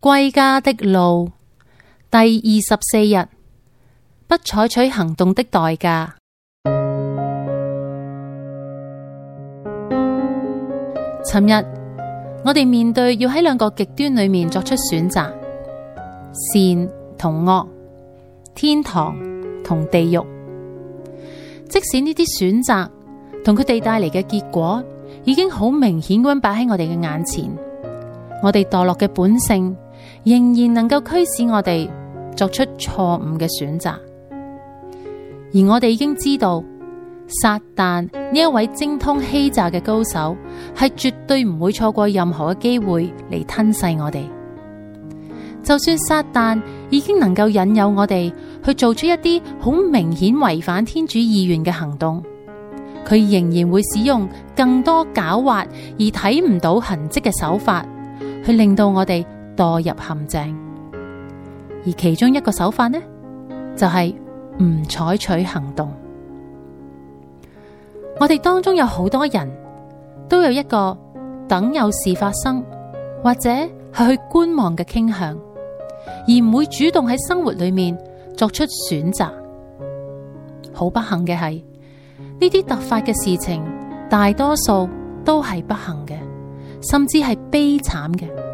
歸家的路，第二十四日，不採取行動的代價。尋日，我哋面對要喺兩個極端裏面作出選擇，善同惡，天堂同地獄。即使呢啲選擇同佢哋帶嚟嘅結果，已經好明顯咁擺喺我哋嘅眼前，我哋墮落嘅本性。仍然能夠驅使我哋作出錯誤嘅選擇，而我哋已經知道撒旦呢一位精通欺詐嘅高手係絕對唔會錯過任何嘅機會嚟吞噬我哋。就算撒旦已經能夠引誘我哋去做出一啲好明顯違反天主意願嘅行動，佢仍然會使用更多狡猾而睇唔到痕跡嘅手法去令到我哋墮入陷阱，而其中一個手法呢，就係唔採取行動。我哋當中有好多人都有一個等有事發生，或者係去觀望嘅傾向，而唔會主動喺生活裏面作出選擇。好不幸嘅係，呢啲突發嘅事情，大多數都係不幸嘅，甚至係悲慘嘅。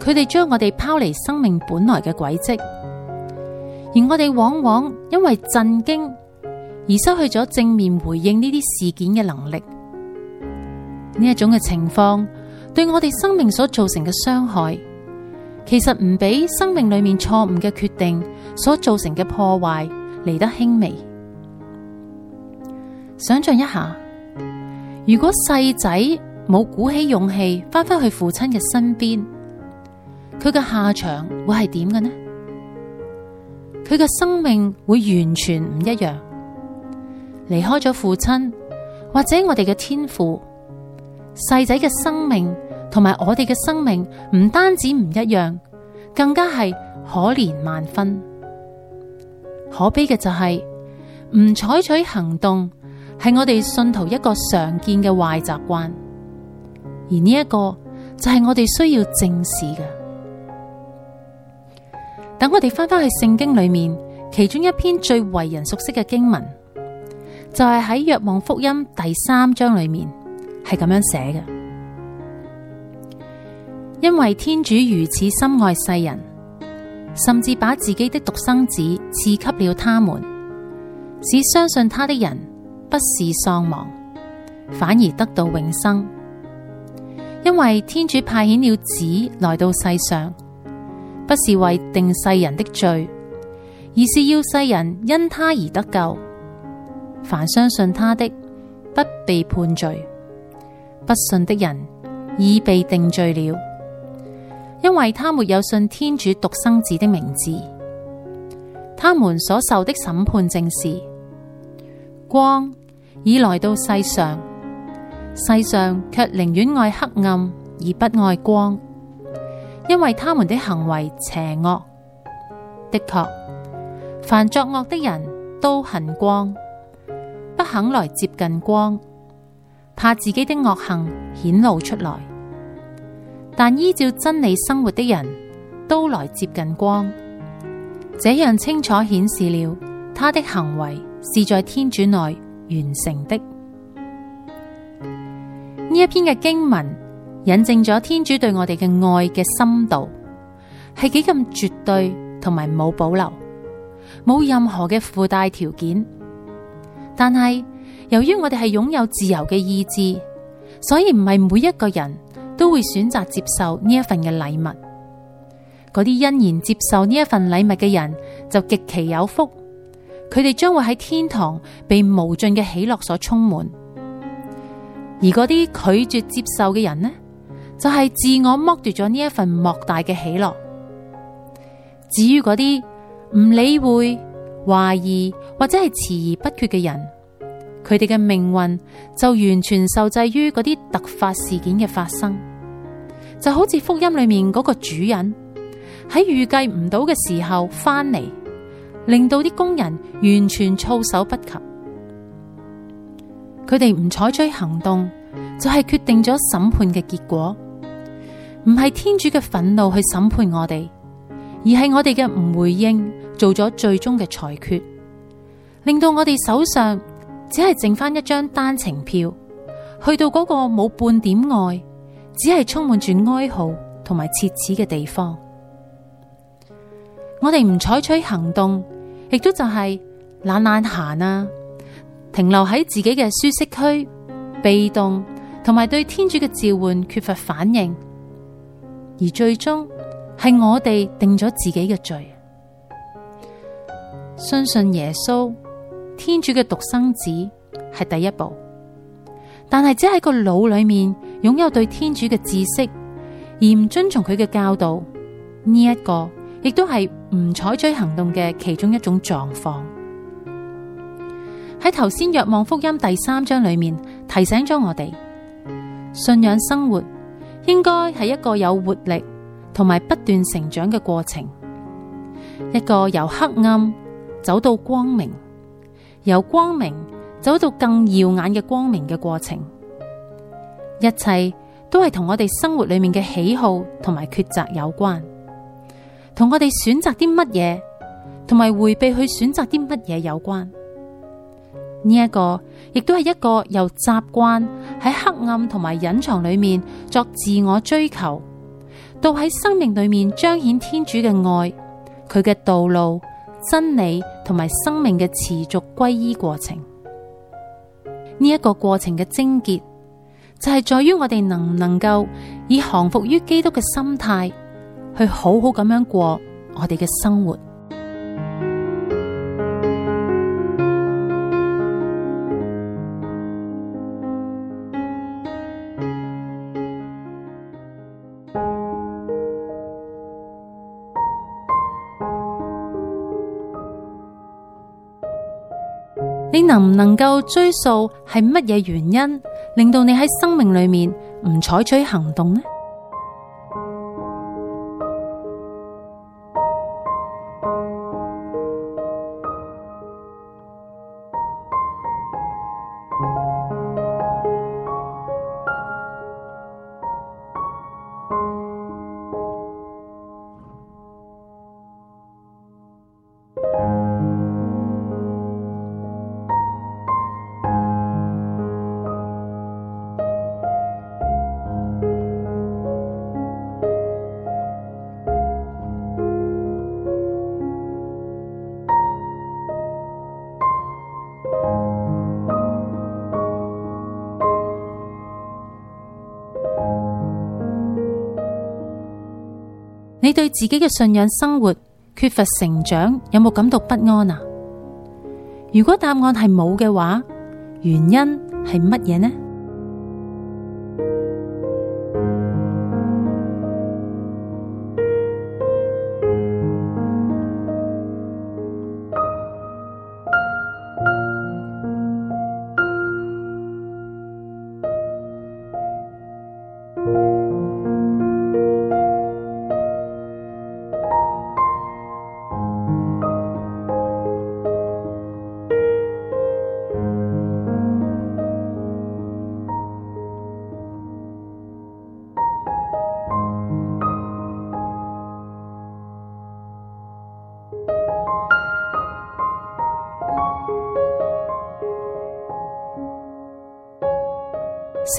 佢哋將我哋拋離生命本來嘅軌跡，而我哋往往因為震驚而失去咗正面回應呢啲事件嘅能力。呢一種嘅情況對我哋生命所造成嘅傷害，其實唔比生命裏面錯誤嘅決定所造成嘅破壞嚟得輕微。想象一下，如果細仔冇鼓起勇氣翻返去父親嘅身邊，佢嘅下場會係點嘅呢？佢嘅生命會完全唔一樣，離開咗父親或者我哋嘅天父，細仔嘅生命同埋我哋嘅生命唔單止唔一樣，更加係可憐萬分。可悲嘅就係、是、唔採取行動，係我哋信徒一個常見嘅壞習慣，而呢一個就係我哋需要正視嘅。等我哋翻返去聖經裏面，其中一篇最為人熟悉嘅經文，就係、是、喺《若望福音》第三章裏面，係咁樣寫嘅：因為天主如此深愛世人，甚至把自己的獨生子賜給了他們，使相信他的人不是喪亡，反而得到永生。因為天主派遣了子來到世上。不是為定世人的罪，而是要世人因他而得救。凡相信他的，不被判罪；不信的人，已被定罪了，因為他沒有信天主獨生子的名字。他們所受的審判正是：光已來到世上，世上却寧願愛黑暗而不愛光。因為他們的行為邪惡。的確，凡作惡的人都恨光，不肯來接近光，怕自己的惡行顯露出來。但依照真理生活的人，都來接近光，這樣清楚顯示了他的行為是在天主內完成的。呢一篇嘅經文。引證咗天主對我哋嘅愛嘅深度係幾咁絕對同埋冇保留，冇任何嘅附帶條件。但係由於我哋係擁有自由嘅意志，所以唔係每一個人都會選擇接受呢一份嘅禮物。嗰啲欣然接受呢一份禮物嘅人就極其有福，佢哋將會喺天堂被無盡嘅喜樂所充滿。而嗰啲拒絕接受嘅人呢？就係自我剝奪咗呢一份莫大嘅喜樂。至於嗰啲唔理會、懷疑或者係遲疑不決嘅人，佢哋嘅命運就完全受制於嗰啲突發事件嘅發生。就好似福音裏面嗰個主人喺預計唔到嘅時候翻嚟，令到啲工人完全措手不及。佢哋唔採取行動，就係決定咗審判嘅結果。唔係天主嘅憤怒去審判我哋，而係我哋嘅唔回應做咗最終嘅裁決，令到我哋手上只係剩返一張單程票，去到嗰個冇半點愛，只係充滿住哀號同埋切齒嘅地方。我哋唔採取行動，亦都就係懶懶閒啊，停留喺自己嘅舒適區，被動同埋對天主嘅召喚缺乏反應。而最終係我哋定咗自己嘅罪。相信，信耶穌、天主嘅獨生子係第一步，但係只喺個腦裏面擁有對天主嘅知識，而唔遵從佢嘅教導，呢、這、一個亦都係唔採取行動嘅其中一種狀況。喺頭先《若望福音》第三章裏面提醒咗我哋，信仰生活。應該係一個有活力同埋不斷成長嘅過程，一個由黑暗走到光明，由光明走到更耀眼嘅光明嘅過程。一切都係同我哋生活裏面嘅喜好同埋抉擇有關，同我哋選擇啲乜嘢，同埋回避去選擇啲乜嘢有關。呢一個亦都係一個由習慣喺黑暗同埋隱藏裏面作自我追求，到喺生命裏面彰顯天主嘅愛，佢嘅道路、真理同埋生命嘅持續皈依過程。呢、這、一個過程嘅癥結，就係、是、在於我哋能唔能夠以降服於基督嘅心態，去好好咁樣過我哋嘅生活。能唔能夠追溯係乜嘢原因，令到你喺生命裏面唔採取行動呢？你對自己嘅信仰生活缺乏成長，有冇感到不安啊？如果答案係冇嘅話，原因係乜嘢呢？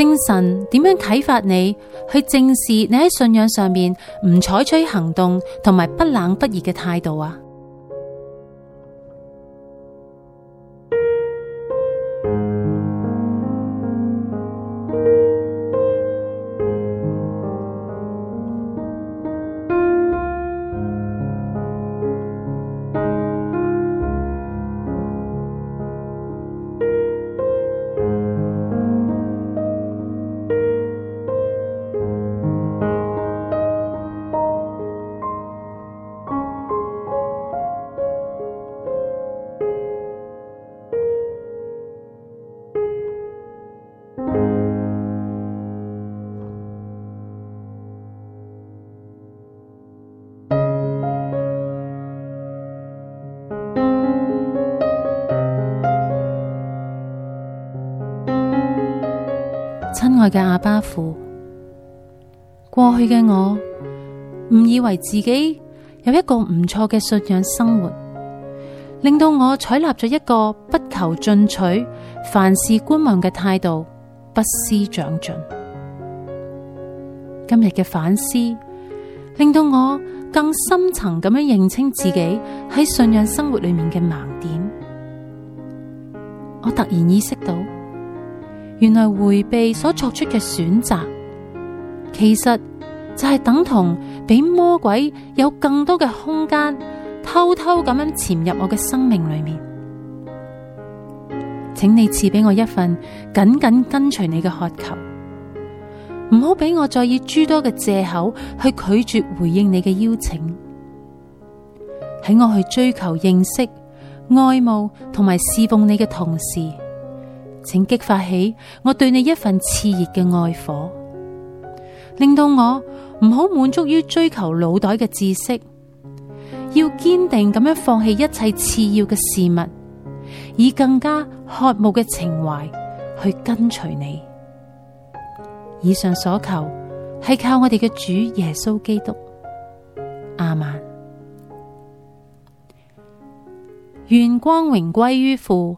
聖神點樣啟發你去正視你喺信仰上面唔採取行動同埋不冷不熱嘅態度啊？愛嘅阿爸父，過去嘅我誤以為自己有一個唔錯嘅信仰生活，令到我採納咗一個不求進取、凡事觀望嘅態度，不思長進。今日嘅反思，令到我更深層咁樣認清自己喺信仰生活裏面嘅盲點。我突然意識到，原來回避所作出嘅選擇，其實就係等同俾魔鬼有更多嘅空間，偷偷咁樣潛入我嘅生命裏面。請你賜俾我一份緊緊跟隨你嘅渴求，唔好俾我再以諸多嘅借口去拒絕回應你嘅邀請。喺我去追求認識、愛慕同埋侍奉你嘅同時。請激發起我對你一份熾熱嘅愛火，令到我唔好滿足於追求腦袋嘅知識，要堅定咁樣放棄一切次要嘅事物，以更加渴慕嘅情懷去跟隨你。以上所求係靠我哋嘅主耶穌基督。亞孟。願光榮歸於父，